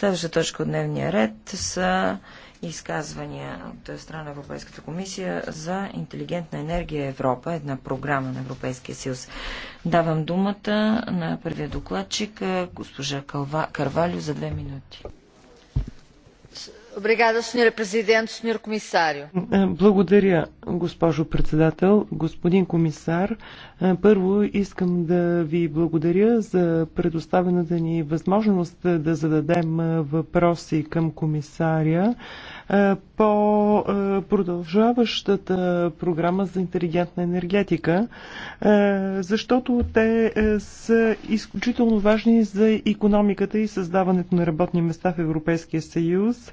Следваща точка от дневния ред са изказвания от страна на Европейската комисия за интелигентна енергия Европа, една програма на Европейския съюз. Давам думата на първия докладчик, е, госпожа Карвалю, за две минути. Е, благодаря, госпожо председател, господин комисар. Първо искам да ви благодаря за предоставената ни възможност да зададем въпроси към комисаря по продължаващата програма за интелигентна енергетика, защото те са изключително важни за економиката и създаването на работни места в Европейския съюз.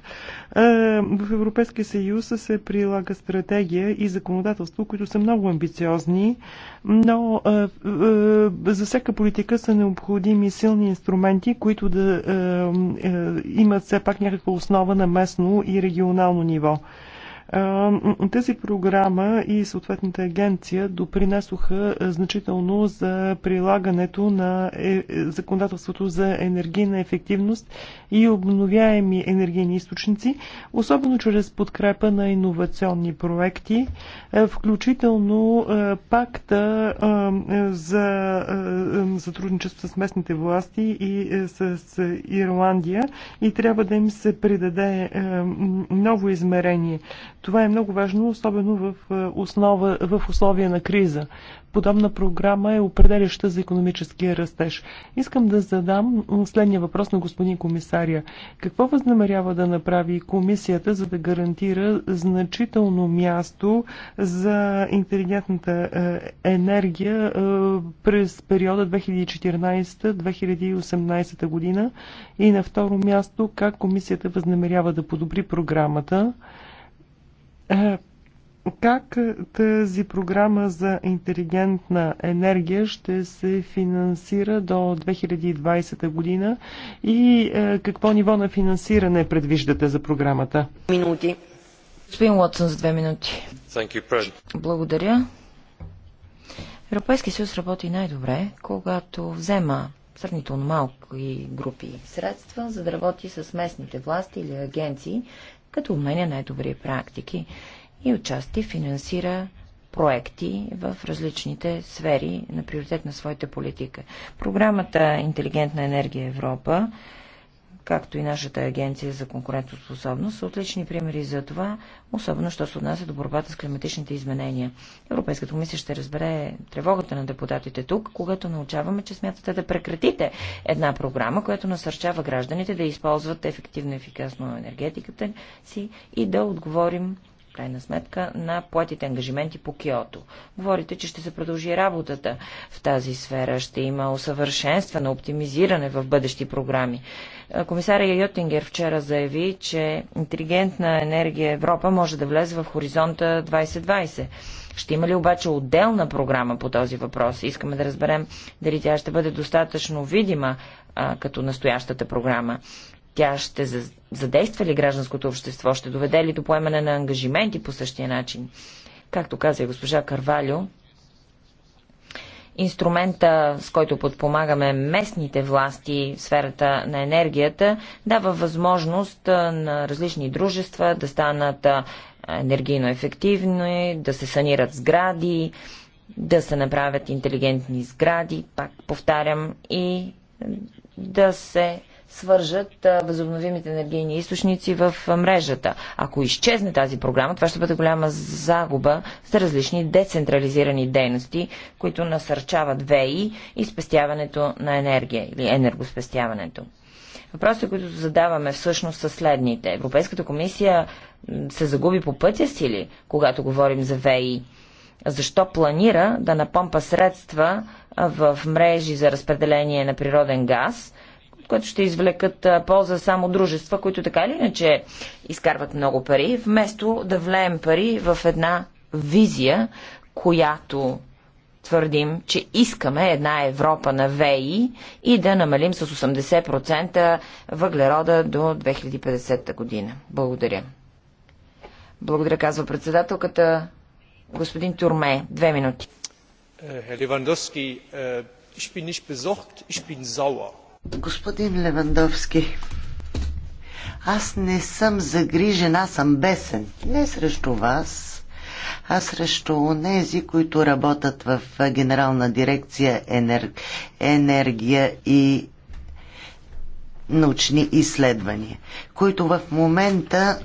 В Европейския съюз се прилага стратегия и законодателство, които са много амбициозни, но но е, е, за всяка политика са необходими силни инструменти, които да е, имат все пак някаква основа на местно и регионално ниво. Тази програма и съответната агенция допринесоха значително за прилагането на е, е, законодателството за енергийна ефективност и обновяеми енергийни източници, особено чрез подкрепа на иновационни проекти, включително пакта за сътрудничество с местните власти и с Ирландия и трябва да им се придаде ново измерение. Това е много важно, особено в, е, основа, в условия на криза. Подобна програма е определяща за економическия растеж. Искам да задам следния въпрос на господин комисаря. Какво възнамерява да направи комисията, за да гарантира значително място за интелигентната е, енергия е, през периода 2014-2018 година? И на второ място, как комисията възнамерява да подобри програмата? Как тази програма за интелигентна енергия ще се финансира до 2020 година и какво ниво на финансиране предвиждате за програмата? Минути. Господин Уотсън за две минути. You, Благодаря. Европейски съюз работи най-добре, когато взема сравнително малки групи средства, за да работи с местните власти или агенции, като обменя най-добри практики и отчасти финансира проекти в различните сфери на приоритет на своята политика. Програмата Интелигентна енергия Европа както и нашата агенция за конкурентоспособност, са отлични примери за това, особено що се отнася до борбата с климатичните изменения. Европейската комисия ще разбере тревогата на депутатите тук, когато научаваме, че смятате да прекратите една програма, която насърчава гражданите да използват ефективно и ефикасно енергетиката си и да отговорим крайна сметка, на платите ангажименти по Киото. Говорите, че ще се продължи работата в тази сфера, ще има усъвършенстване, оптимизиране в бъдещи програми. Е, комисаря Йотингер вчера заяви, че интелигентна енергия Европа може да влезе в хоризонта 2020. Ще има ли обаче отделна програма по този въпрос? Искаме да разберем дали тя ще бъде достатъчно видима а, като настоящата програма. Тя ще задейства ли гражданското общество? Ще доведе ли до поемане на ангажименти по същия начин? Както каза и госпожа Карвалю, инструмента, с който подпомагаме местните власти в сферата на енергията, дава възможност на различни дружества да станат енергийно ефективни, да се санират сгради, да се направят интелигентни сгради, пак повтарям, и да се свържат възобновимите енергийни източници в мрежата. Ако изчезне тази програма, това ще бъде голяма загуба за различни децентрализирани дейности, които насърчават ВЕИ и спестяването на енергия или енергоспестяването. Въпросите, които задаваме всъщност са следните. Европейската комисия се загуби по пътя си ли, когато говорим за ВЕИ? Защо планира да напомпа средства в мрежи за разпределение на природен газ – което ще извлекат полза само дружества, които така или иначе изкарват много пари, вместо да влеем пари в една визия, която твърдим, че искаме една Европа на ВЕИ и да намалим с 80% въглерода до 2050 година. Благодаря. Благодаря, казва председателката. Господин Турме, две минути. Herr е, Lewandowski, е, ich bin nicht besorgt, ich bin sauer. Господин Левандовски, аз не съм загрижен, аз съм бесен. Не срещу вас, а срещу онези, които работят в Генерална дирекция енер... енергия и научни изследвания, които в момента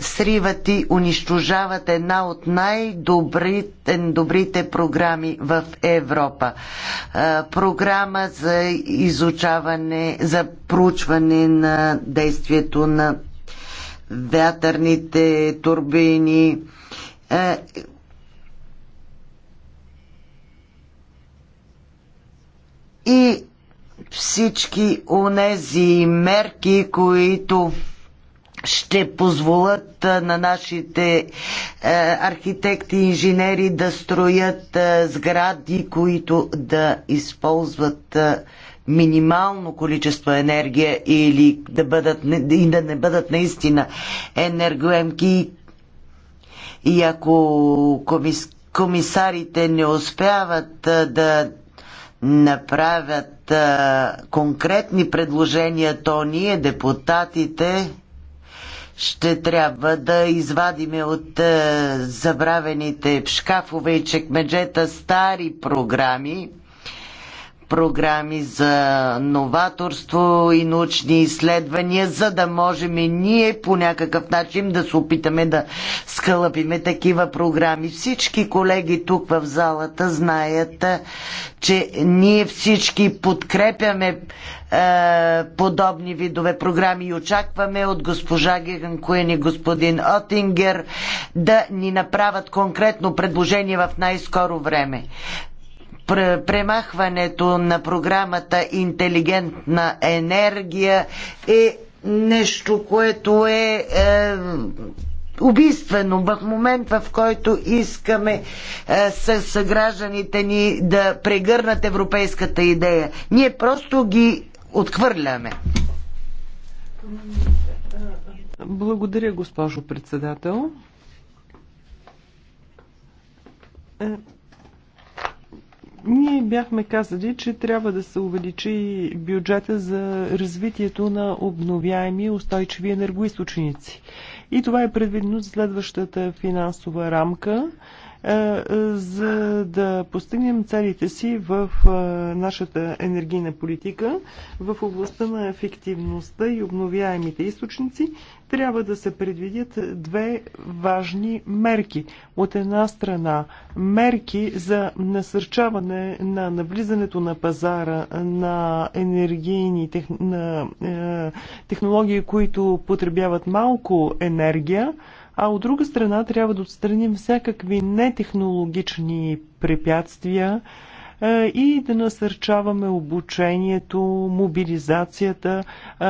сриват и унищожават една от най-добрите програми в Европа. Програма за изучаване, за проучване на действието на вятърните турбини. И всички онези мерки, които ще позволят на нашите архитекти и инженери да строят сгради, които да използват минимално количество енергия или да бъдат и да не бъдат наистина енергоемки. И ако комис, комисарите не успяват да направят конкретни предложения, то ние, депутатите, ще трябва да извадиме от е, забравените шкафове и чекмеджета стари програми, програми за новаторство и научни изследвания, за да можем и ние по някакъв начин да се опитаме да скълъпиме такива програми. Всички колеги тук в залата знаят, че ние всички подкрепяме е, подобни видове програми и очакваме от госпожа Куен и господин Отингер да ни направят конкретно предложение в най-скоро време премахването на програмата интелигентна енергия е нещо, което е, е убийствено в момент, в който искаме е, с, гражданите ни да прегърнат европейската идея. Ние просто ги отхвърляме. Благодаря, госпожо председател. Е, ние бяхме казали, че трябва да се увеличи бюджета за развитието на обновяеми устойчиви енергоисточници. И това е предвидено за следващата финансова рамка. Е, е, за да постигнем целите си в е, нашата енергийна политика в областта на ефективността и обновяемите източници, трябва да се предвидят две важни мерки. От една страна мерки за насърчаване на навлизането на пазара на енергийни тех... на, е, технологии, които потребяват малко енергия, а от друга страна трябва да отстраним всякакви нетехнологични препятствия е, и да насърчаваме обучението, мобилизацията, е,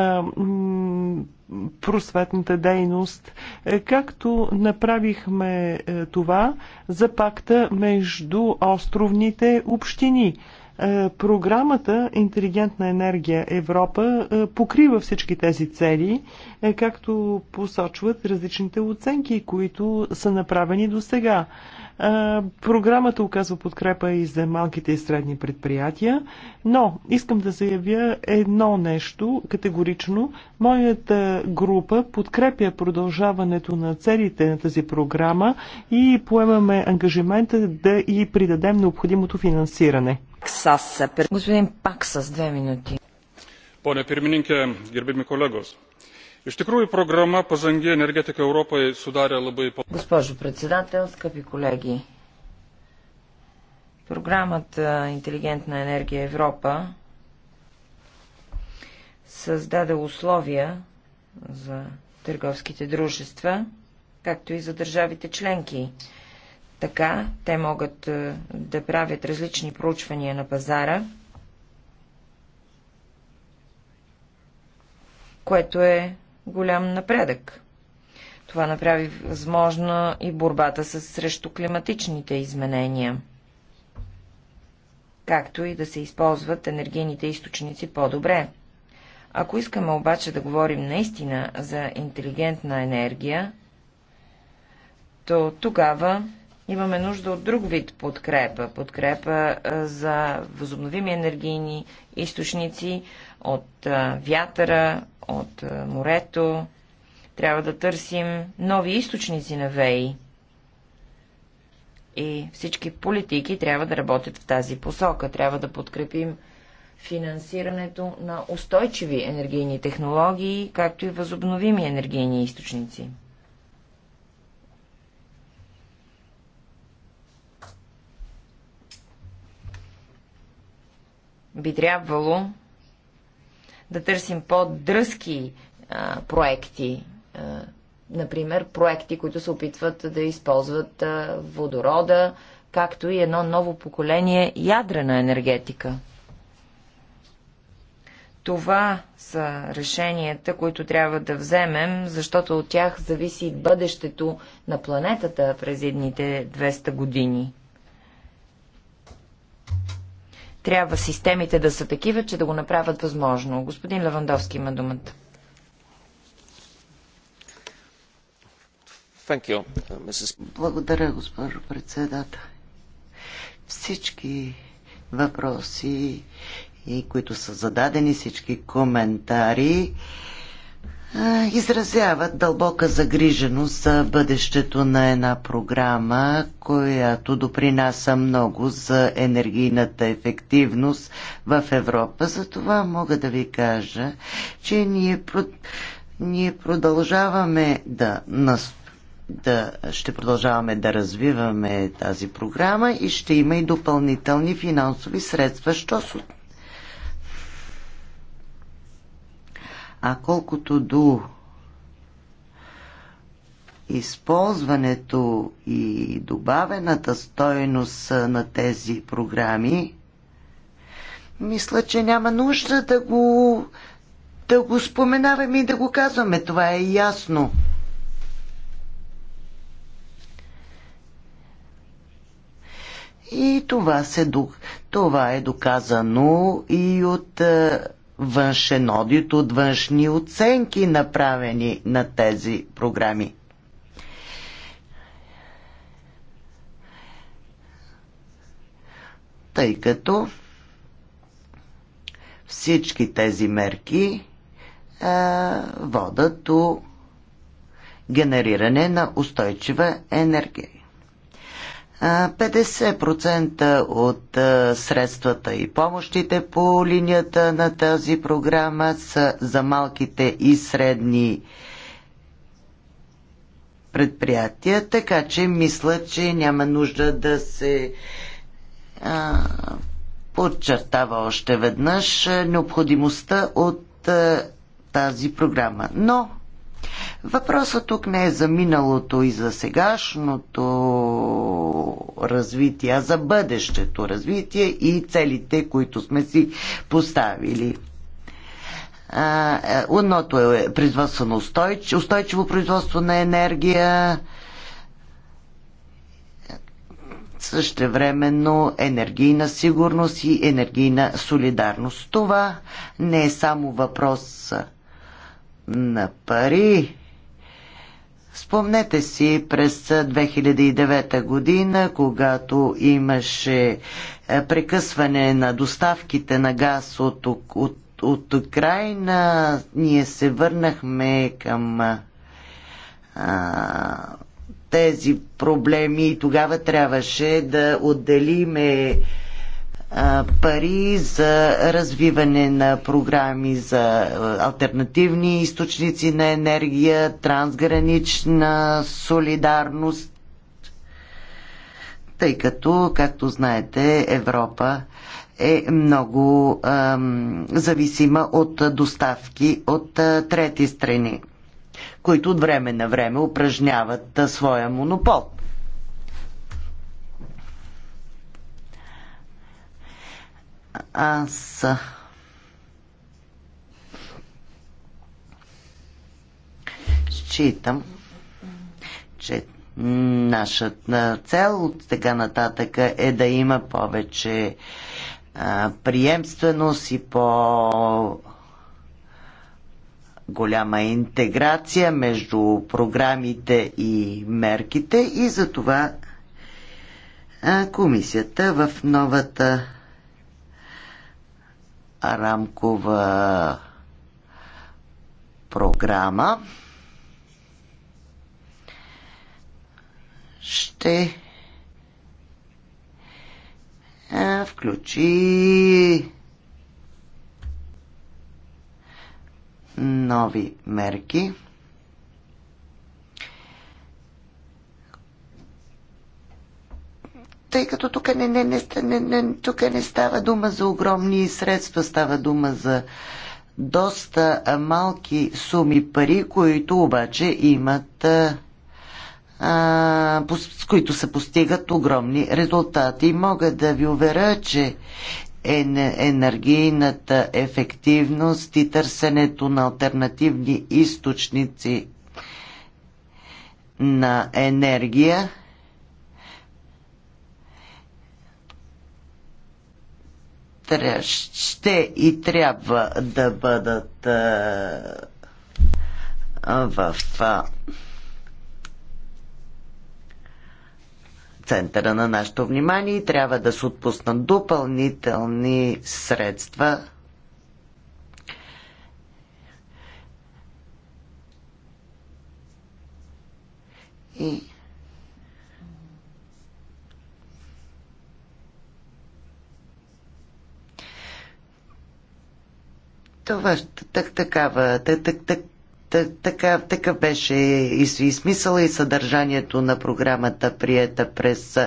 просветната дейност, е, както направихме това за пакта между островните общини. Е, програмата Интелигентна енергия Европа е, покрива всички тези цели, е, както посочват различните оценки, които са направени до сега. Програмата оказва подкрепа и за малките и средни предприятия, но искам да заявя едно нещо категорично. Моята група подкрепя продължаването на целите на тази програма и поемаме ангажимента да и придадем необходимото финансиране. Господин Пак с две минути. Поне пирмининке, гербими колегос. Iš tikrųjų programa Pažangi energetika Europai sudarė labai... Госпожо председател, скъпи колеги, програмата Интелигентна енергия Европа създаде условия за търговските дружества, както и за държавите членки. Така те могат е, да правят различни проучвания на пазара, което е голям напредък. Това направи възможна и борбата с, срещу климатичните изменения, както и да се използват енергийните източници по-добре. Ако искаме обаче да говорим наистина за интелигентна енергия, то тогава имаме нужда от друг вид подкрепа. Подкрепа за възобновими енергийни източници, от вятъра, от морето. Трябва да търсим нови източници на ВЕИ. И всички политики трябва да работят в тази посока. Трябва да подкрепим финансирането на устойчиви енергийни технологии, както и възобновими енергийни източници. Би трябвало да търсим по-дръзки проекти, а, например проекти, които се опитват да използват а, водорода, както и едно ново поколение ядрена енергетика. Това са решенията, които трябва да вземем, защото от тях зависи бъдещето на планетата през едните 200 години. Трябва системите да са такива, че да го направят възможно. Господин Левандовски има думата. You, Благодаря, госпожо председател. Всички въпроси, и които са зададени, всички коментари изразяват дълбока загриженост за бъдещето на една програма, която допринася много за енергийната ефективност в Европа. За това мога да ви кажа, че ние, ние продължаваме да настояваме да, ще продължаваме да развиваме тази програма и ще има и допълнителни финансови средства. Що се А колкото до използването и добавената стойност на тези програми, мисля, че няма нужда да го, да го споменаваме и да го казваме. Това е ясно. И това, се, това е доказано и от е, външен одит, от външни оценки, направени на тези програми. Тъй като всички тези мерки а, водат до генериране на устойчива енергия. 50% от средствата и помощите по линията на тази програма са за малките и средни предприятия, така че мисля, че няма нужда да се а, подчертава още веднъж необходимостта от а, тази програма. Но Въпросът тук не е за миналото и за сегашното развитие, а за бъдещето развитие и целите, които сме си поставили. Едното е производство на устойчиво, устойчиво производство на енергия, същевременно енергийна сигурност и енергийна солидарност. Това не е само въпрос на пари. Спомнете си през 2009 година, когато имаше е, прекъсване на доставките на газ от, от, от Украина, ние се върнахме към е, а, тези проблеми и тогава трябваше да отделиме пари за развиване на програми за альтернативни източници на енергия, трансгранична солидарност, тъй като, както знаете, Европа е много ам, зависима от доставки от а, трети страни, които от време на време упражняват а, своя монопол. Аз считам, че нашата цел от сега нататък е да има повече а, приемственост и по голяма интеграция между програмите и мерките и за това комисията в новата рамкова програма ще е, включи нови мерки. тъй като тук не, не, не, не, не, тук не става дума за огромни средства, става дума за доста малки суми пари, които обаче имат а, с които се постигат огромни резултати. Мога да ви уверя, че енергийната ефективност и търсенето на альтернативни източници на енергия ще и трябва да бъдат е, в е, центъра на нашето внимание и трябва да се отпуснат допълнителни средства и Това, так, такава, так, так, так, така, такъв беше и, и смисъл и съдържанието на програмата, приета през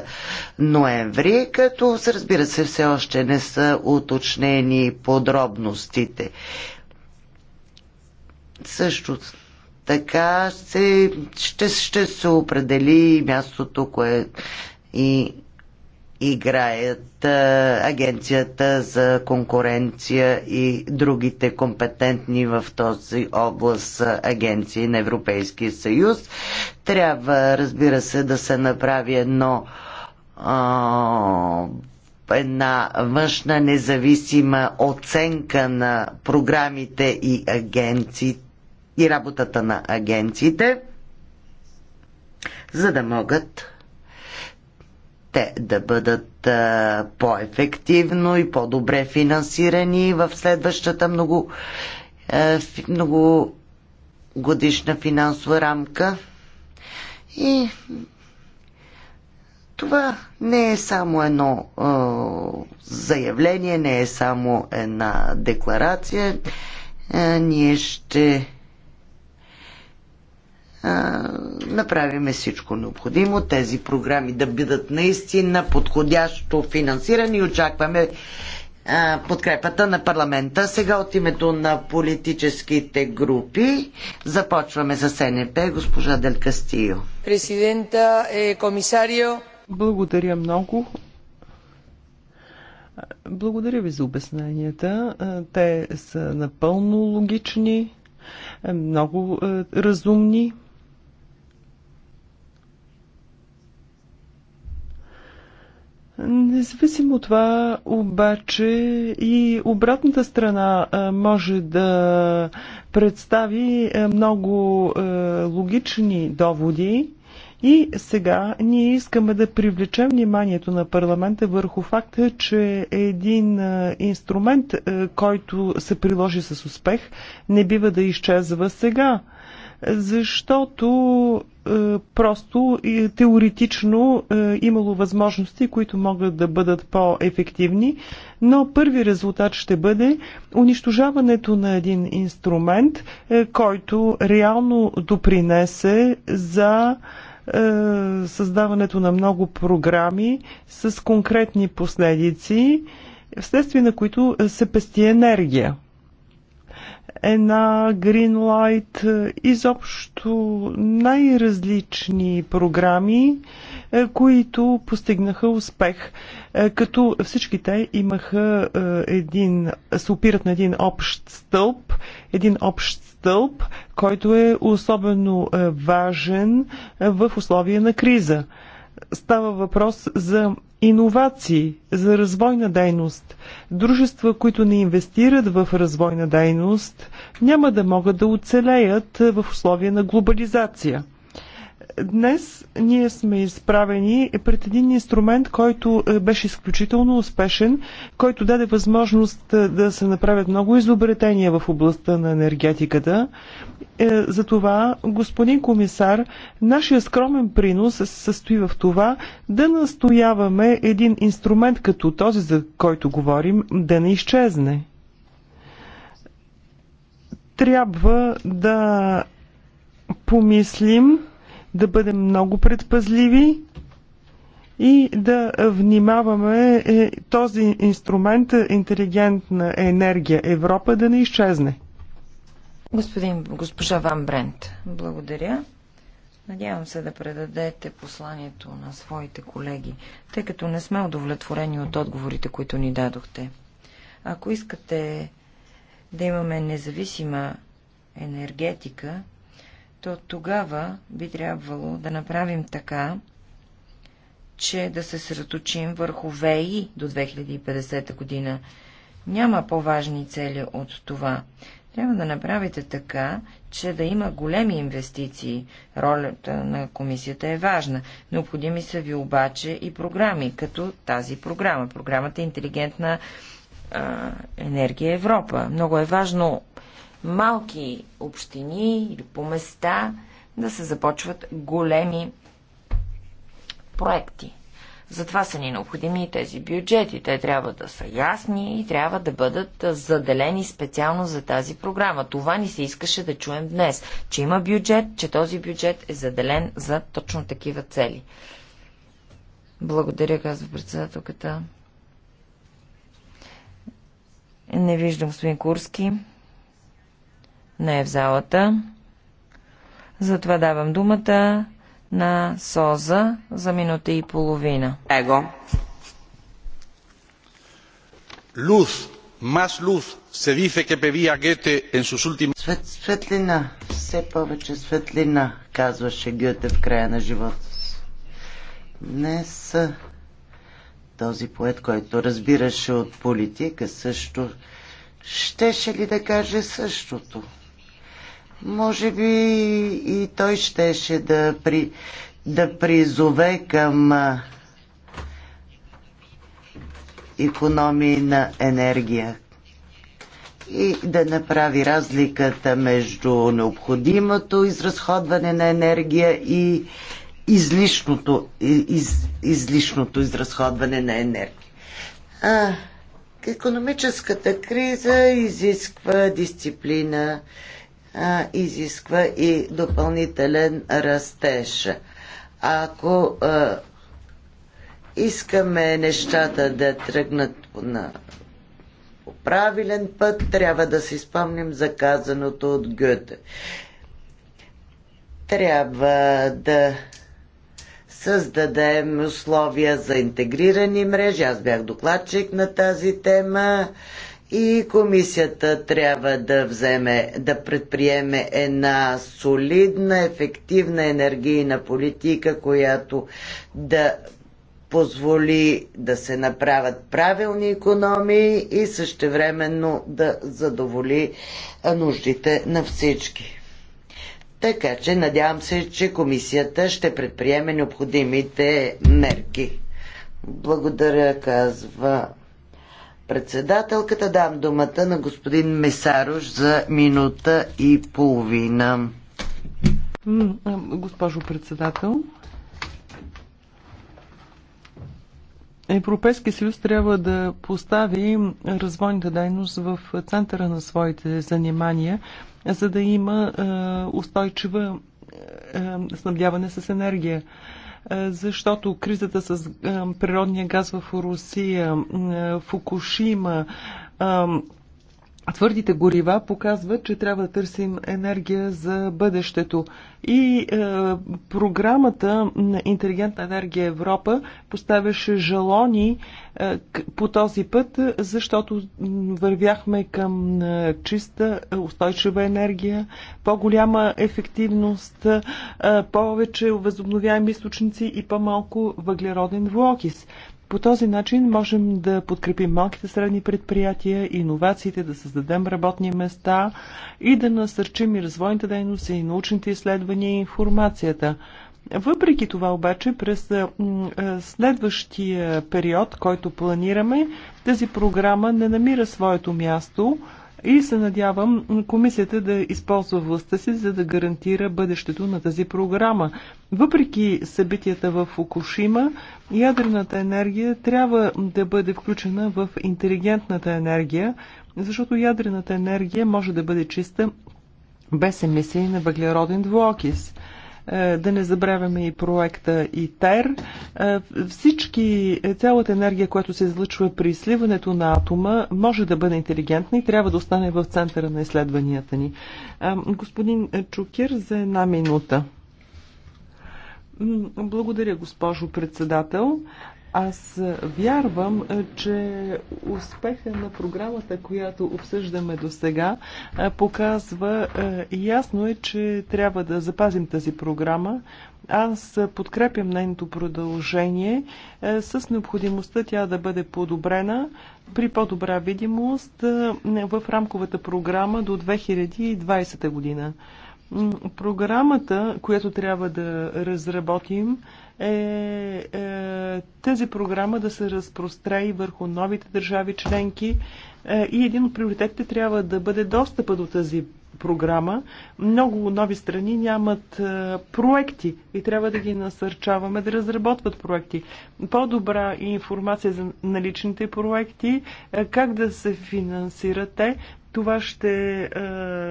ноември, като разбира се все още не са уточнени подробностите. Също така се, ще, ще се определи мястото, кое и играят Агенцията за конкуренция и другите компетентни в този област агенции на Европейския съюз. Трябва, разбира се, да се направи едно една външна независима оценка на програмите и агенции и работата на агенциите, за да могат те да бъдат по-ефективно и по-добре финансирани в следващата много, много годишна финансова рамка. И това не е само едно е, заявление, не е само една декларация. Е, ние ще направиме всичко необходимо, тези програми да бъдат наистина подходящо финансирани и очакваме а, подкрепата на парламента. Сега от името на политическите групи започваме с СНП, госпожа Дел Кастио. Президента, е, комисарио. Благодаря много. Благодаря ви за обясненията. Те са напълно логични, много разумни. Независимо от това, обаче и обратната страна може да представи много логични доводи. И сега ние искаме да привлечем вниманието на парламента върху факта, че един инструмент, който се приложи с успех, не бива да изчезва сега защото е, просто и е, теоретично е, имало възможности, които могат да бъдат по-ефективни, но първи резултат ще бъде унищожаването на един инструмент, който реално допринесе за създаването на много програми с конкретни последици, вследствие на които се пести енергия една Greenlight, е, изобщо най-различни програми, е, които постигнаха успех. Е, като всички те имаха един, се опират на един общ стълб, един общ стълб, който е особено важен в условия на криза. Става въпрос за иновации, за развойна дейност. Дружества, които не инвестират в развойна дейност, няма да могат да оцелеят е, в условия на глобализация. Днес ние сме изправени пред един инструмент, който е, беше изключително успешен, който даде възможност е, да се направят много изобретения в областта на енергетиката е, за това, господин комисар, нашия скромен принос се състои в това да настояваме един инструмент като този, за който говорим, да не изчезне. Трябва да помислим, да бъдем много предпазливи и да внимаваме е, този инструмент интелигентна енергия Европа да не изчезне. Господин, госпожа Ван Брент, благодаря. Надявам се да предадете посланието на своите колеги, тъй като не сме удовлетворени от отговорите, които ни дадохте. Ако искате да имаме независима енергетика, то тогава би трябвало да направим така, че да се среточим върху ВЕИ до 2050 година. Няма по-важни цели от това. Трябва да направите така, че да има големи инвестиции. Ролята на комисията е важна. Необходими са ви обаче и програми, като тази програма. Програмата е Интелигентна а, енергия Европа. Много е важно малки общини или по места да се започват големи проекти. Затова са ни необходими и тези бюджети. Те трябва да са ясни и трябва да бъдат заделени специално за тази програма. Това ни се искаше да чуем днес, че има бюджет, че този бюджет е заделен за точно такива цели. Благодаря, казва председателката. Не виждам господин Курски. Не е в залата. Затова давам думата на СОЗА за минута и половина. Его. Луз, мас луз, се dice ке певия Гете ен сус ултим... Свет, светлина, все повече светлина, казваше Гете в края на живота си. Днес този поет, който разбираше от политика, също щеше ли да каже същото? Може би и той щеше да, при, да призове към економии на енергия и да направи разликата между необходимото изразходване на енергия и излишното, из, излишното изразходване на енергия. А, економическата криза изисква дисциплина, изисква и допълнителен растеж. Ако а, искаме нещата да тръгнат на правилен път, трябва да си спомним за казаното от Гюте. Трябва да създадем условия за интегрирани мрежи. Аз бях докладчик на тази тема и комисията трябва да вземе, да предприеме една солидна, ефективна енергийна политика, която да позволи да се направят правилни економии и същевременно да задоволи нуждите на всички. Така че надявам се, че комисията ще предприеме необходимите мерки. Благодаря, казва председателката. Дам думата на господин Месарош за минута и половина. Госпожо председател, Европейския съюз трябва да постави развойната дейност в центъра на своите занимания, за да има устойчива снабдяване с енергия защото кризата с природния газ в Русия, Фукушима, твърдите горива показват, че трябва да търсим енергия за бъдещето. И е, програмата на Интелигентна енергия Европа поставяше жалони е, по този път, защото вървяхме към е, чиста, е, устойчива енергия, по-голяма ефективност, е, повече възобновяеми източници и по-малко въглероден двуокис. По този начин можем да подкрепим малките средни предприятия, иновациите, да създадем работни места и да насърчим и развойните дейности, и научните изследвания, и информацията. Въпреки това обаче през следващия период, който планираме, тази програма не намира своето място – и се надявам комисията да използва властта си, за да гарантира бъдещето на тази програма. Въпреки събитията в Фукушима, ядрената енергия трябва да бъде включена в интелигентната енергия, защото ядрената енергия може да бъде чиста без емисии на въглероден двуокис. Е, да не забравяме и проекта ИТЕР. Е, всички, е, цялата енергия, която се излъчва при сливането на атома, може да бъде интелигентна и трябва да остане в центъра на изследванията ни. Господин Чукир, за една минута. Благодаря, госпожо председател. Аз вярвам, е, че успеха на програмата, която обсъждаме до сега, е, показва е, ясно е, че трябва да запазим тази програма. Аз подкрепям нейното продължение с необходимостта тя да бъде подобрена при по-добра видимост в рамковата програма до 2020 година. Програмата, която трябва да разработим, е, е тази програма да се разпрострее върху новите държави членки е, и един от приоритетите трябва да бъде достъпа до тази програма. Много нови страни нямат е, проекти и трябва да ги насърчаваме да разработват проекти. По-добра информация за наличните проекти, е, как да се финансират те, това ще е,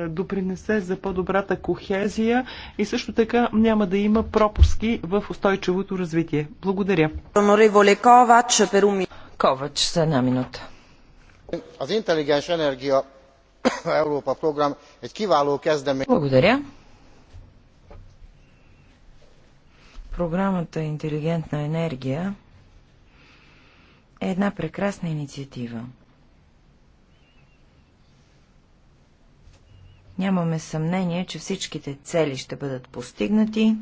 допринесе за по-добрата кохезия и също така няма да има пропуски в устойчивото развитие. Благодаря. Ковач за една минута. Благодаря. Програмата Интелигентна енергия е една прекрасна инициатива. Нямаме съмнение, че всичките цели ще бъдат постигнати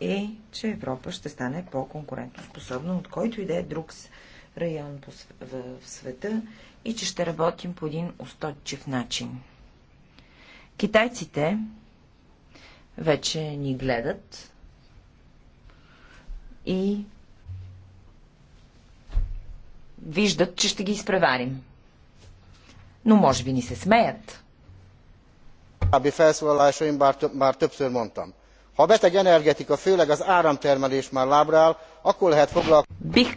и че Европа ще стане по-конкурентоспособна от който и да е друг район в света и че ще работим по един устойчив начин. Китайците вече ни гледат и виждат, че ще ги изпреварим. Но може би ни се смеят korábbi felszólalásaimban már többször mondtam ha a beteg energetika főleg az áramtermelés már lábra áll akkor lehet foglalkozni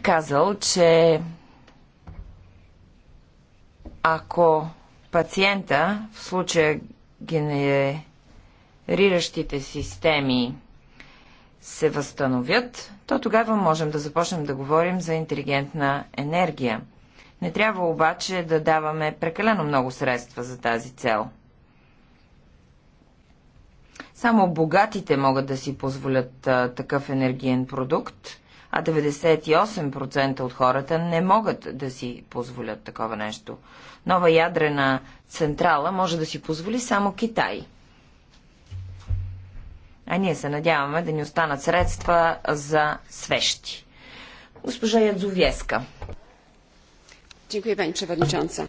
ако пациента, в случая генериращите системи, се възстановят, то тогава можем да започнем да говорим за интелигентна енергия. Не трябва обаче да даваме прекалено много средства за тази цел. Само богатите могат да си позволят а, такъв енергиен продукт, а 98% от хората не могат да си позволят такова нещо. Нова ядрена централа може да си позволи само Китай. А ние се надяваме да ни останат средства за свещи. Госпожа Ядзовеска. Dziękuję Pani Przewodnicząca.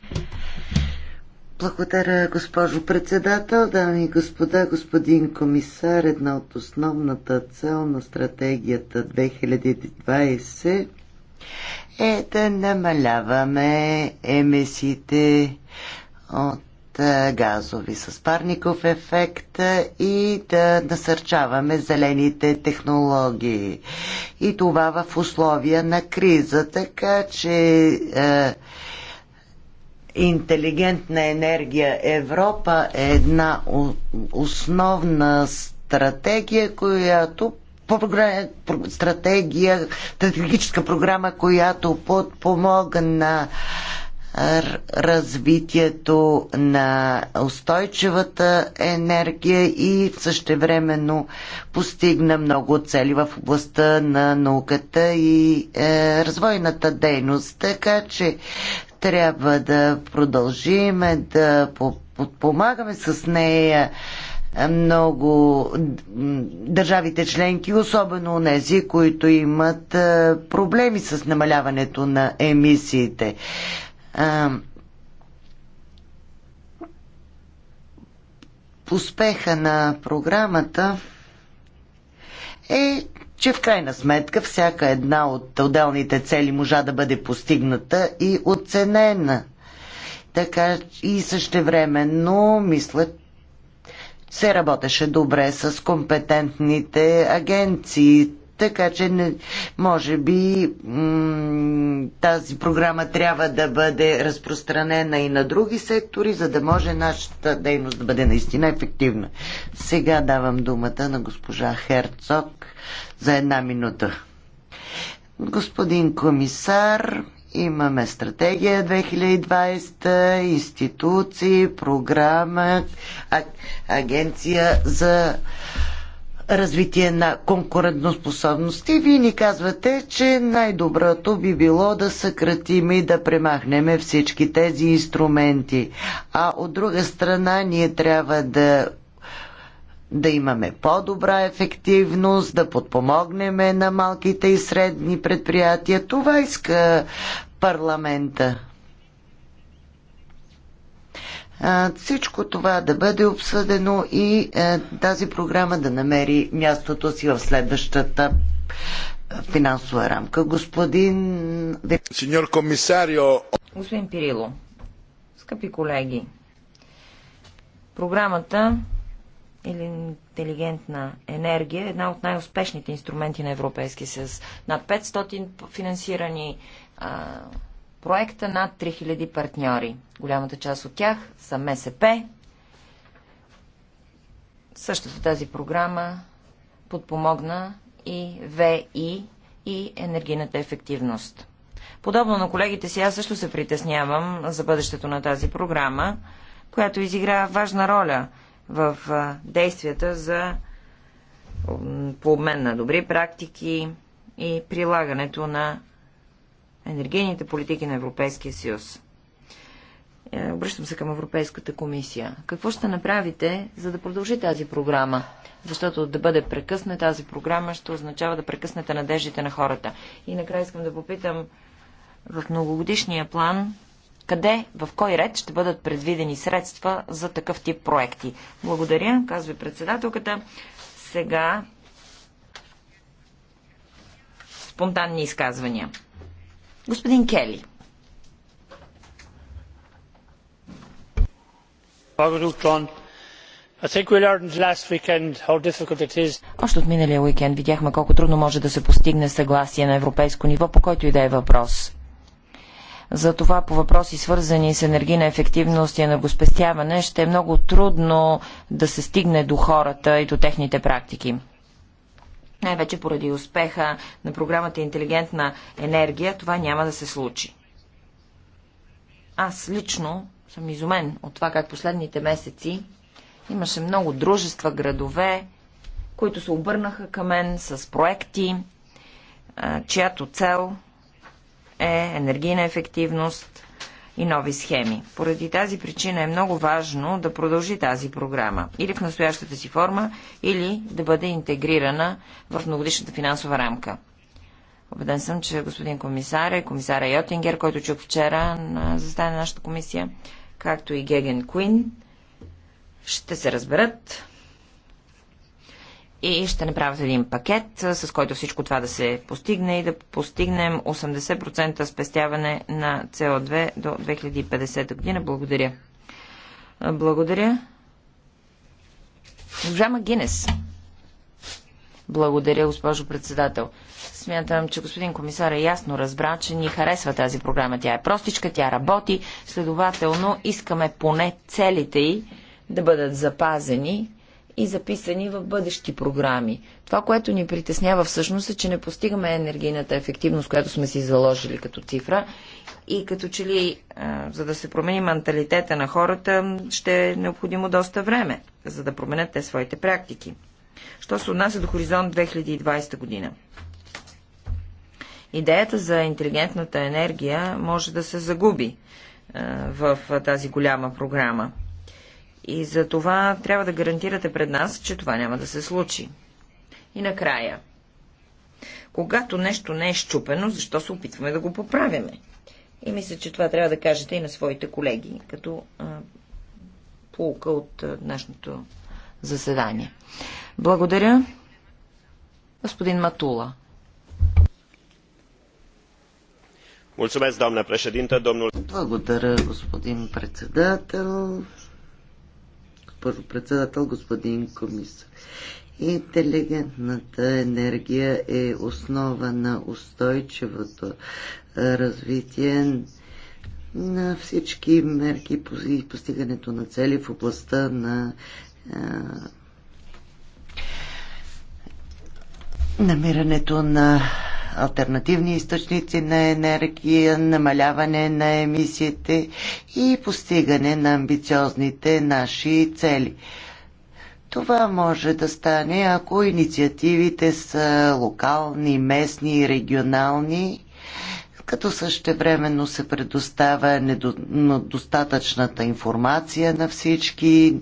Благодаря, госпожо председател, дами и господа, господин комисар. Една от основната цел на стратегията 2020 е да намаляваме емисиите от газови с парников ефект и да насърчаваме зелените технологии. И това в условия на криза, така че е, интелигентна енергия Европа е една основна стратегия, която стратегия, стратегическа програма, която подпомогна развитието на устойчивата енергия и същевременно постигна много цели в областта на науката и е, развойната дейност. Така че трябва да продължиме да подпомагаме с нея много държавите членки, особено тези, които имат проблеми с намаляването на емисиите. Успеха на програмата е че в крайна сметка всяка една от отделните цели можа да бъде постигната и оценена. Така и същевременно, мисля, се работеше добре с компетентните агенции така че не, може би тази програма трябва да бъде разпространена и на други сектори, за да може нашата дейност да бъде наистина ефективна. Сега давам думата на госпожа Херцог за една минута. Господин комисар, имаме стратегия 2020, институции, програма, агенция за развитие на конкурентоспособности. И вие ни казвате, че най-доброто би било да съкратим и да премахнем всички тези инструменти. А от друга страна ние трябва да да имаме по-добра ефективност, да подпомогнем на малките и средни предприятия. Това иска парламента всичко това да бъде обсъдено и е, тази програма да намери мястото си в следващата е, финансова рамка. Господин... Сеньор комисарио... Господин Пирило, скъпи колеги, програмата или интелигентна енергия е една от най-успешните инструменти на Европейския съюз. Над 500 финансирани а, проекта над 3000 партньори. Голямата част от тях са МСП. Същата тази програма подпомогна и ВИ и енергийната ефективност. Подобно на колегите си, аз също се притеснявам за бъдещето на тази програма, която изигра важна роля в действията за по обмен на добри практики и прилагането на енергийните политики на Европейския съюз. Е, обръщам се към Европейската комисия. Какво ще направите, за да продължи тази програма? Защото да бъде прекъсна тази програма, ще означава да прекъснете надеждите на хората. И накрая искам да попитам в многогодишния план къде, в кой ред ще бъдат предвидени средства за такъв тип проекти. Благодаря, казва председателката. Сега спонтанни изказвания. Господин Кели. Още от миналия уикенд видяхме колко трудно може да се постигне съгласие на европейско ниво, по който и да е въпрос. За това по въпроси свързани с енергийна ефективност и енергоспестяване ще е много трудно да се стигне до хората и до техните практики най-вече поради успеха на програмата Интелигентна енергия, това няма да се случи. Аз лично съм изумен от това как последните месеци имаше много дружества, градове, които се обърнаха към мен с проекти, чиято цел е енергийна ефективност, и нови схеми. Поради тази причина е много важно да продължи тази програма или в настоящата си форма, или да бъде интегрирана в многодишната финансова рамка. Обеден съм, че господин комисар и е комисара Йотингер, който чух вчера на застане на нашата комисия, както и Геген Куин, ще се разберат и ще направят един пакет, с който всичко това да се постигне и да постигнем 80% спестяване на CO2 до 2050 година. Благодаря. Благодаря. Госпожа Магинес. Благодаря, госпожо председател. Смятам, че господин комисар е ясно разбра, че ни харесва тази програма. Тя е простичка, тя работи, следователно искаме поне целите й да бъдат запазени и записани в бъдещи програми. Това, което ни притеснява всъщност е, че не постигаме енергийната ефективност, която сме си заложили като цифра и като че ли, за да се промени менталитета на хората, ще е необходимо доста време, за да променят те своите практики. Що се отнася до хоризонт 2020 година? Идеята за интелигентната енергия може да се загуби в тази голяма програма. И за това трябва да гарантирате пред нас, че това няма да се случи. И накрая. Когато нещо не е щупено, защо се опитваме да го поправяме? И мисля, че това трябва да кажете и на своите колеги, като а, полука от а, днешното заседание. Благодаря. Господин Матула. Благодаря, господин председател, госпожо председател, господин комисар. Интелигентната енергия е основа на устойчивото развитие на всички мерки и постигането на цели в областта на намирането на альтернативни източници на енергия, намаляване на емисиите и постигане на амбициозните наши цели. Това може да стане, ако инициативите са локални, местни и регионални, като същевременно се предоставя недостатъчната информация на всички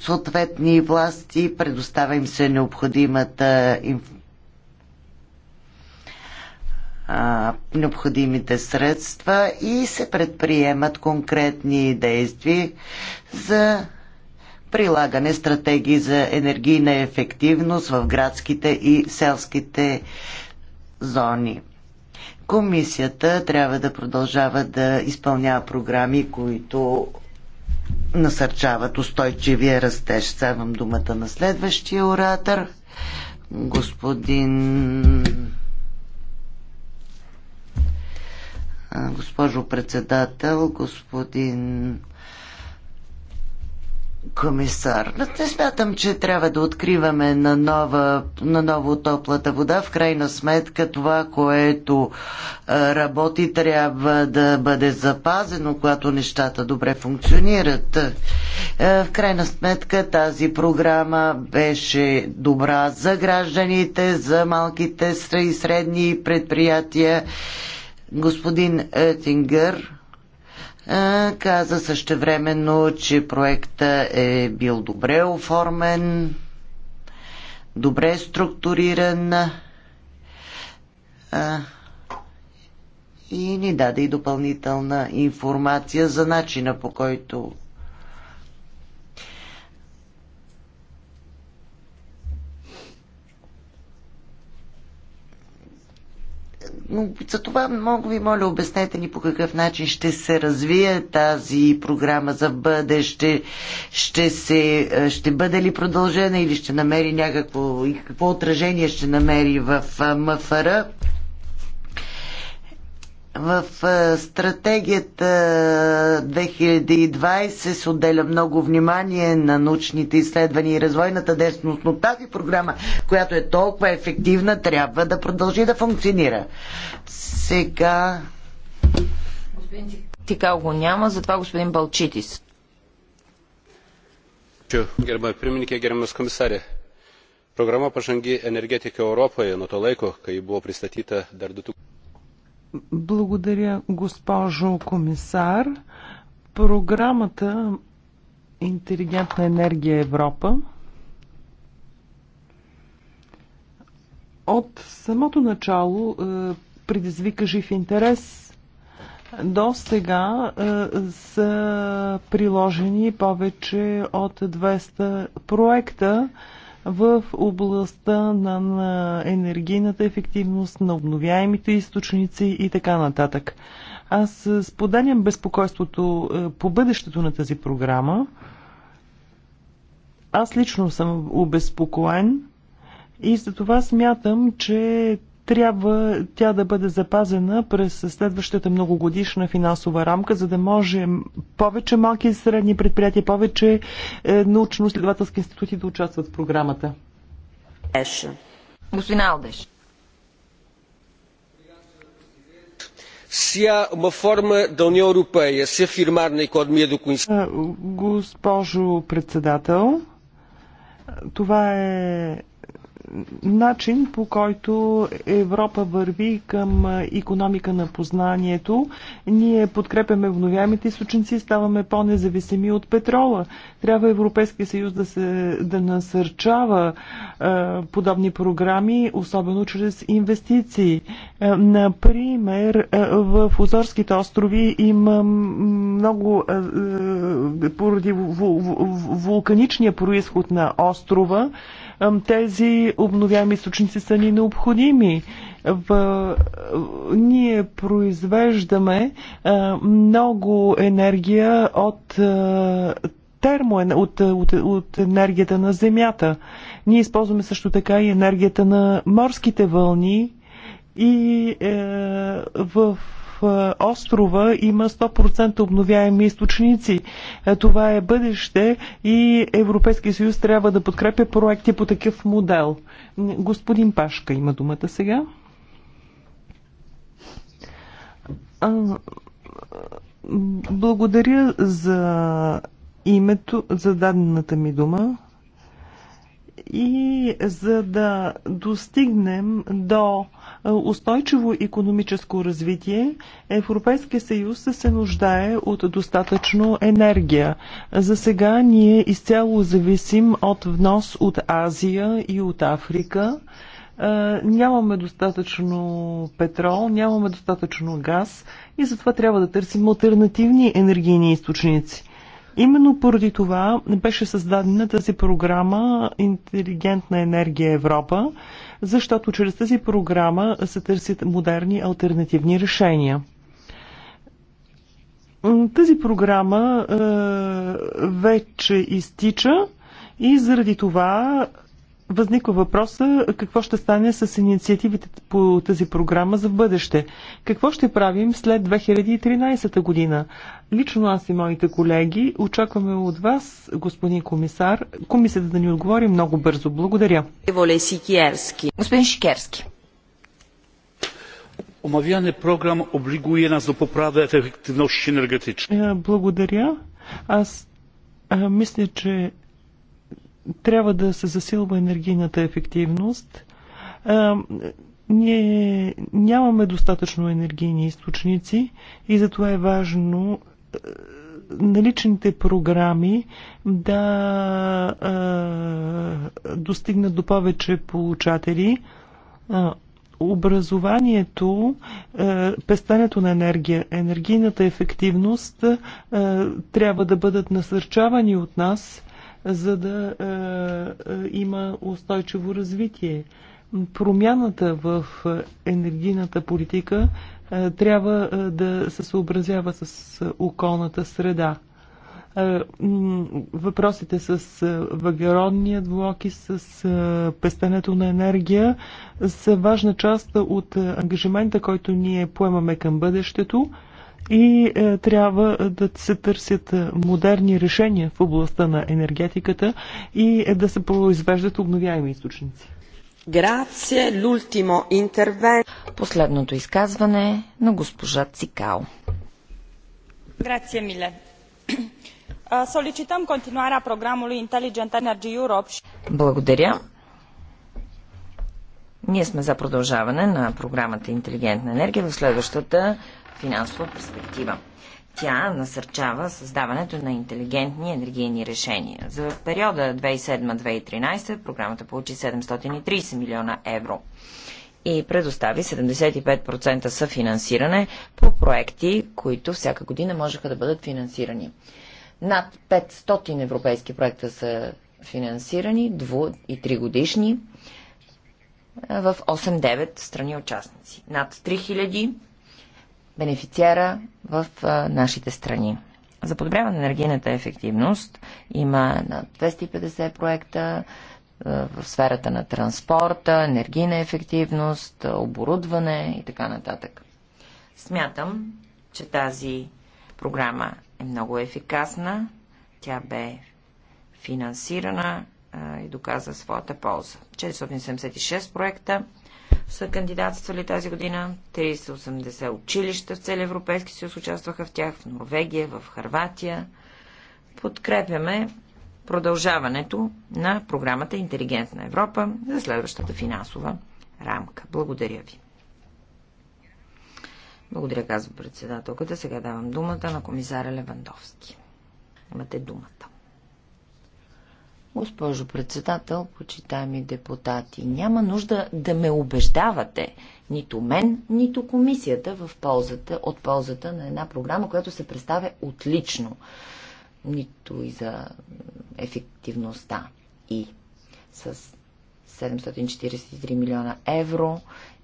съответни власти, предоставим се необходимата информация необходимите средства и се предприемат конкретни действия за прилагане стратегии за енергийна ефективност в градските и селските зони. Комисията трябва да продължава да изпълнява програми, които насърчават устойчивия растеж. Ставам думата на следващия оратор, господин госпожо председател, господин комисар. Не смятам, че трябва да откриваме на, нова, на ново топлата вода. В крайна сметка това, което работи, трябва да бъде запазено, когато нещата добре функционират. В крайна сметка тази програма беше добра за гражданите, за малките и средни предприятия Господин Етингър каза същевременно, че проекта е бил добре оформен, добре структуриран и ни даде и допълнителна информация за начина по който За това много ви моля, обяснете ни по какъв начин ще се развие тази програма за бъдеще, ще, се, е, ще бъде ли продължена или ще намери някакво, и какво отражение ще намери в е, МФР. В е, стратегията 2020 е, се отделя много внимание на научните изследвания и развойната дейност, но тази програма, която е толкова ефективна, трябва да продължи да функционира. Сега. Господин Тикал го няма, затова господин Балчитис. Gerbiamas pirmininkė, gerbiamas komisarė, programa pažangi energetika Europoje nuo to laiko, kai buvo pristatyta dar 2000. Благодаря, госпожо комисар. Програмата Интелигентна енергия Европа от самото начало е, предизвика жив интерес. До сега е, са приложени повече от 200 проекта в областта на, на енергийната ефективност, на обновяемите източници и така нататък. Аз е, споделям безпокойството е, по бъдещето на тази програма. Аз лично съм обезпокоен и за това смятам, че трябва тя да бъде запазена през следващата многогодишна финансова рамка, за да може повече малки и средни предприятия, повече е, научно-следователски институти да участват в програмата. Господин Алдеш. Е, госпожо председател, това е начин, по който Европа върви към економика на познанието. Ние подкрепяме вновяемите източници, ставаме по-независими от петрола. Трябва Европейския съюз да, се, да насърчава е, подобни програми, особено чрез инвестиции. Е, например, е, в Озорските острови има много е, поради вулканичния происход на острова, тези обновяеми източници са ни необходими. В... Ние произвеждаме много енергия от термо, от, от, от енергията на Земята. Ние използваме също така и енергията на морските вълни и е, в е, острова има 100% обновяеми източници. Е, това е бъдеще и Европейския съюз трябва да подкрепя проекти по такъв модел. Господин Пашка има думата сега. Благодаря за името, за дадената ми дума и за да достигнем до е, устойчиво економическо развитие, Европейския съюз се нуждае от достатъчно енергия. За сега ние изцяло зависим от внос от Азия и от Африка. Е, нямаме достатъчно петрол, нямаме достатъчно газ и затова трябва да търсим альтернативни енергийни източници. Именно поради това беше създадена тази програма Интелигентна енергия Европа, защото чрез тази програма се търсят модерни альтернативни решения. Тази програма е, вече изтича и заради това Възниква въпроса какво ще стане с инициативите по тази програма за бъдеще. Какво ще правим след 2013 година? Лично аз и моите колеги очакваме от вас, господин комисар, комисията да ни отговори много бързо. Благодаря. Господин Шикерски. Омавяне програм облигуе нас do поправя ефективност енергетична. Е, благодаря. Аз а, е, мисля, че трябва да се засилва енергийната ефективност. Ние нямаме достатъчно енергийни източници и затова е важно наличните програми да а, достигнат до повече получатели. А, образованието, а, пестането на енергия, енергийната ефективност а, трябва да бъдат насърчавани от нас за да е, е, има устойчиво развитие. Промяната в енергийната политика е, трябва да се съобразява с околната среда. Въпросите с въглеродния блок и с пестенето на енергия са важна част от ангажимента, който ние поемаме към бъдещето и е, трябва да се търсят е, модерни решения в областта на енергетиката и е, да се произвеждат обновяеми източници. Грация, лултимо интервен. Последното изказване на госпожа Цикао. Grazie mille. Solicităm continuarea programului Intelligent Energy Europe. Благодаря. Ние сме за продължаване на програмата Интелигентна енергия в следващата финансова перспектива. Тя насърчава създаването на интелигентни енергийни решения. За периода 2007-2013 програмата получи 730 милиона евро и предостави 75% съфинансиране по проекти, които всяка година можеха да бъдат финансирани. Над 500 европейски проекта са финансирани, 2 и 3 годишни, в 8-9 страни участници. Над 3000 бенефициара в нашите страни. За подобряване на енергийната ефективност има на 250 проекта в сферата на транспорта, енергийна ефективност, оборудване и така нататък. Смятам, че тази програма е много ефикасна. Тя бе финансирана и доказа своята полза. 476 проекта са кандидатствали тази година. 380 училища в цели Европейски съюз участваха в тях, в Норвегия, в Харватия. Подкрепяме продължаването на програмата Интелигентна Европа за следващата финансова рамка. Благодаря ви. Благодаря, казва председателката. Сега давам думата на комисаря Левандовски. Имате думата. Госпожо председател, почитаеми депутати, няма нужда да ме убеждавате, нито мен, нито комисията в ползата, от ползата на една програма, която се представя отлично, нито и за ефективността. И с 743 милиона евро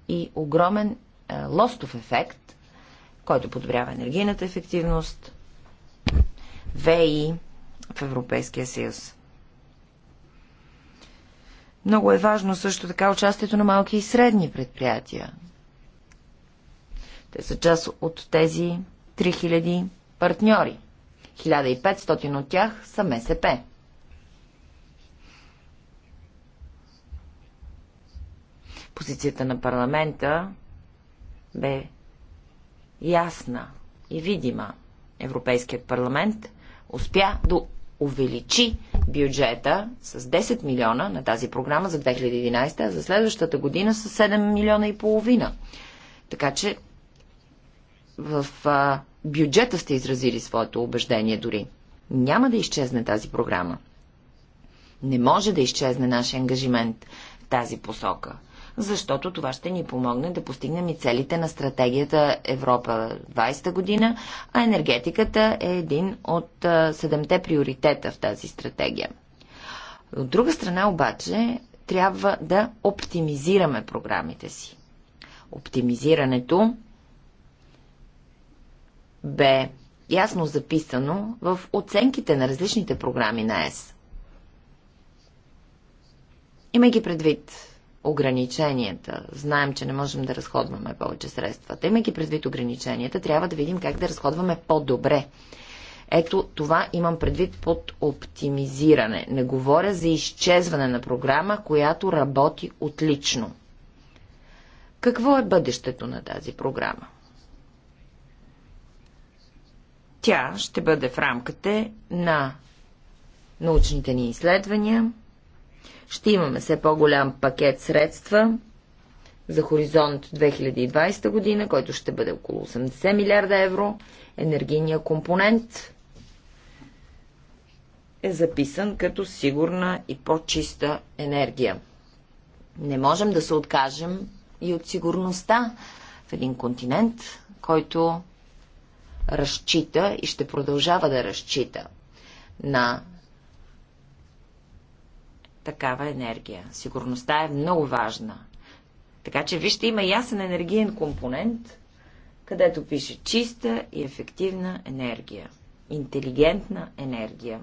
и огромен е, лостов ефект, който подобрява енергийната ефективност, ВИ в Европейския съюз. Много е важно също така участието на малки и средни предприятия. Те са част от тези 3000 партньори. 1500 от тях са МСП. Позицията на парламента бе ясна и видима. Европейският парламент успя да увеличи бюджета с 10 милиона на тази програма за 2011, а за следващата година с 7 милиона и половина. Така че в а, бюджета сте изразили своето убеждение дори. Няма да изчезне тази програма. Не може да изчезне нашия ангажимент в тази посока защото това ще ни помогне да постигнем и целите на стратегията Европа 20 година, а енергетиката е един от седемте приоритета в тази стратегия. От друга страна обаче трябва да оптимизираме програмите си. Оптимизирането бе ясно записано в оценките на различните програми на ЕС. Имайки предвид ограниченията. Знаем, че не можем да разходваме повече средства. Имайки предвид ограниченията, трябва да видим как да разходваме по-добре. Ето това имам предвид под оптимизиране. Не говоря за изчезване на програма, която работи отлично. Какво е бъдещето на тази програма? Тя ще бъде в рамките на научните ни изследвания, ще имаме все по-голям пакет средства за хоризонт 2020 година, който ще бъде около 80 милиарда евро. Енергийният компонент е записан като сигурна и по-чиста енергия. Не можем да се откажем и от сигурността в един континент, който разчита и ще продължава да разчита на такава енергия. Сигурността е много важна. Така че вижте, има ясен енергиен компонент, където пише чиста и ефективна енергия. Интелигентна енергия.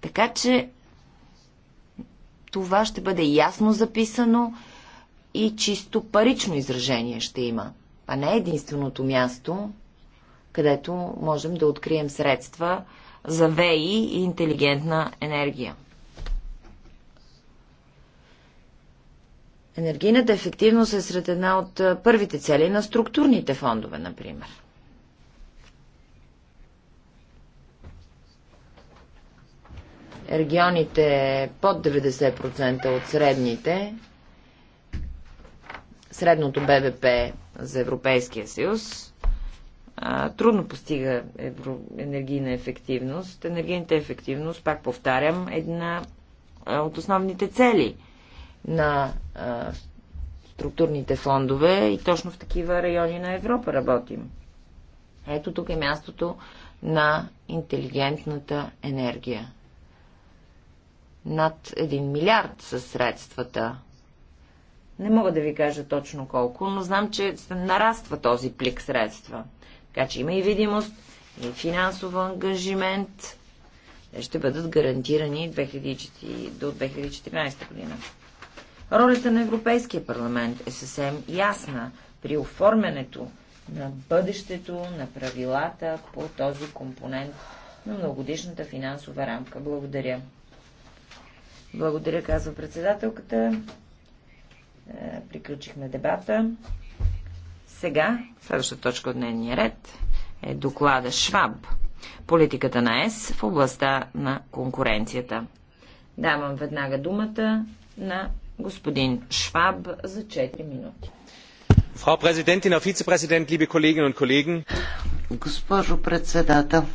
Така че това ще бъде ясно записано и чисто парично изражение ще има. А не единственото място, където можем да открием средства за ВЕИ и интелигентна енергия. Енергийната ефективност е сред една от първите цели на структурните фондове, например. Регионите под 90% от средните, средното БВП за Европейския съюз, а, трудно постига евро, енергийна ефективност. Енергийната ефективност, пак повтарям, е една а, от основните цели на а, структурните фондове и точно в такива райони на Европа работим. Ето тук е мястото на интелигентната енергия. Над 1 милиард са средствата. Не мога да ви кажа точно колко, но знам, че нараства този плик средства – така че има и видимост, и финансов ангажимент. Те ще бъдат гарантирани 2004, до 2014 година. Ролята на Европейския парламент е съвсем ясна при оформянето на бъдещето, на правилата по този компонент на многодишната финансова рамка. Благодаря. Благодаря, казва председателката. Е, приключихме дебата. Сега, следващата точка от дневния ред е доклада Шваб. Политиката на ЕС в областта на конкуренцията. Давам веднага думата на господин Шваб за 4 минути. Госпожо председател,